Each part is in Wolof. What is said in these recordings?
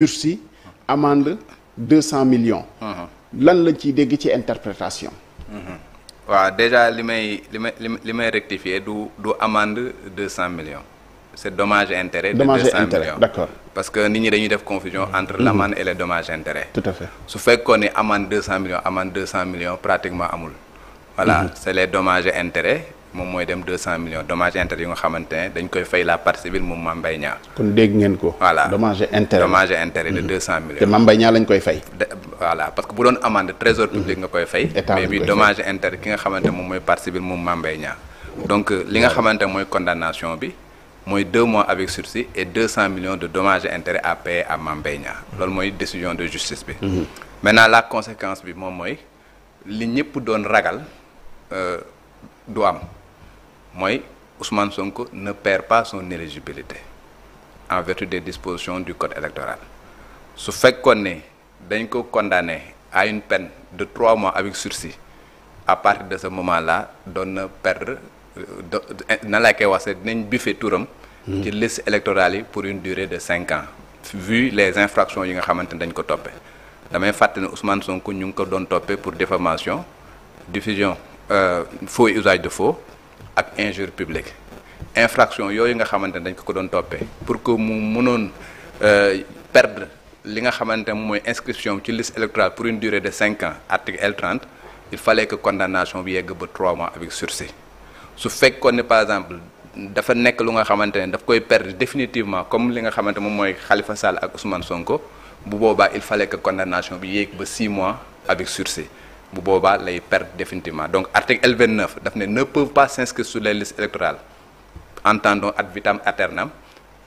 sursis amende deux cent millions. Uh-huh. lan lañ ciy dégg ci interprétation. Uh-huh. waa déjà li may li may li may rectifier du du amende deux cent millions. c'est dommage intérêt. dommage et intérêt d'accord parce que nit ñi dañuy def confusion mm-hmm. entre l'amende et les dommages intérêts. tout à su fekkoon ni amende deux cent millions amende deux cent millions pratiquement amul. voilà mm-hmm. c'est les dommages et moom mooy dem 200 millions dommage intérêt yu nga xamante ne dañ koy fay la partie civile moom Mame Mbaye Niang. kon dégg ngeen ko. voilà dommage intérêt dommage intérêt de koy fay. voilà que bu doon amende trésor public mhm. nga koy fay. mais bi nga xamante moom mooy partie civile moom Mame Mbaye donc euh, li nga xamante mooy condamnation bi mooy deux mois avec sursis et 200 millions de dommages et intérêts à payer loolu mooy décision de justice bi. Mmh. maintenant la conséquence bi moom mooy li ñëpp doon ragal euh, du am. mooy Ousmane Sonko ne perd pas son éligibilité en vertu des disposition du code électoral su fekkoon ne dañ ko condamné à une peine de trois mois avec sursis à partir de ce moment la doon na perdre na laa koy waxee nañ bifé touram hmm. ci liste électorale yi pour une durée de cinq ans. vu les infractions yi nga xamante ne dañ ko toppee damay fàttali ne Ousmane Sonko ñu ngi ko doon toppee pour diffamation diffision euh, faux et usage de faux. ak injure publique infraction yooyu nga xamante ne dañ ko ko doon toppee pour que mu mënoon euh, perdre li nga xamante ne mooy inscription ci liste électorale pour une durée de cinq ans article L30 il fallait que condamnation bi yegg ba trois mois avec sursis su fekkoon ne par exemple dafa nekk lu nga xamante ne daf koy perdre définitivement comme li nga xamante moom mooy xalifa Sall ak Ousmane Sonko bu boobaa il fale que condamnation bi yéeg ba six mois avec sursis bu boobaa lay perdre définitivement donc article L29 daf ne ne peuvent pas s'inscrire sur les listes électorales entendons ad vitam aeternam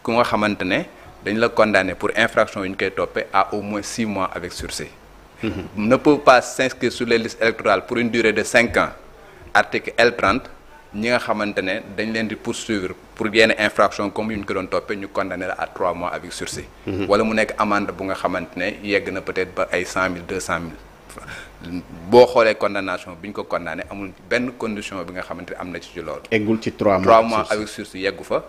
ku nga xamante ne dañ la condamné pour infraction yu ñu koy toppee à au moins six mois avec sursis mmh. ne pas s'inscrire sur les listes électorales pour une durée de cinq ans article L30 ñi nga xamante ne dañ leen di poursuivre pour yenn infraction comme yu ñu ko doon toppee ñu condamné la à trois mois avec sursis mhm. wala mu nekk amende bu nga xamante ne yegg na peut-être ba ay cent mille deux cent mille boo xoolee condamnation bi ñu ko condamné amul benn condition bi nga xamante ne am na ci ci loolu. eggul ci trois mois trois mois avec sursis yeggu fa.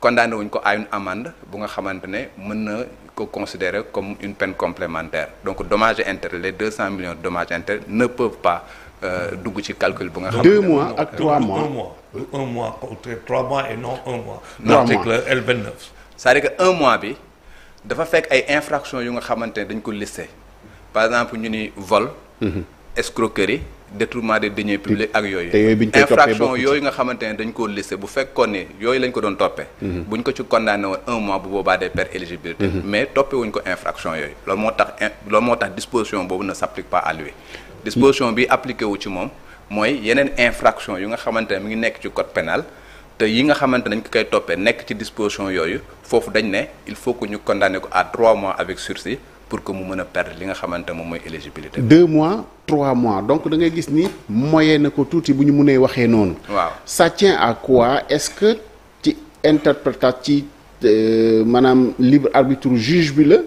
condamné wuñ ko à une amende bu nga xamante ne mën na ko considérer comme une peine complémentaire donc domage et intérêts deux cent millions de dommages et intérêts ne peuvent pas euh, dugg ci calcul bu nga. xamante ne deux mois ak trois mois un mois euh, un mois trois mois et non un mois. l 29 que un mois bi dafa fekk ay infractions yu nga xamante ne dañ ko listé. par exemple ñu ni vol. Mhm. escroquerie détournement des deniers publics ak yooyu. te yooyu infraction yooyu nga xamante ne dañ koo listé bu fekkoon ne yooyu lañ ko doon toppee. Mhm. buñ ko ci condamné woon un mois bu boobaa day per éligibilité. Mhm. mais toppee wuñ ko infraction yooyu. loolu moo tax loolu moo tax disposition boobu na s'applique pas à lui. disposition bi appliqué wu ci moom mooy yeneen infraction yu nga xamante ne mi ngi nekk ci code pénal te yi nga xamante dañ ko koy toppee nekk ci disposition yooyu foofu dañ ne il faut que ñu condamné ko à trois mois avec sursis. pour que mu mën a perdre li nga xamante moom mooy éligibilité. deux mois trois mois donc da ngay gis ni moyen na ko tuuti bu ñu mënee waxee noonu. waaw ça tient à quoi est-ce que ci interprétation ci euh, maanaam libre arbitre juge bi la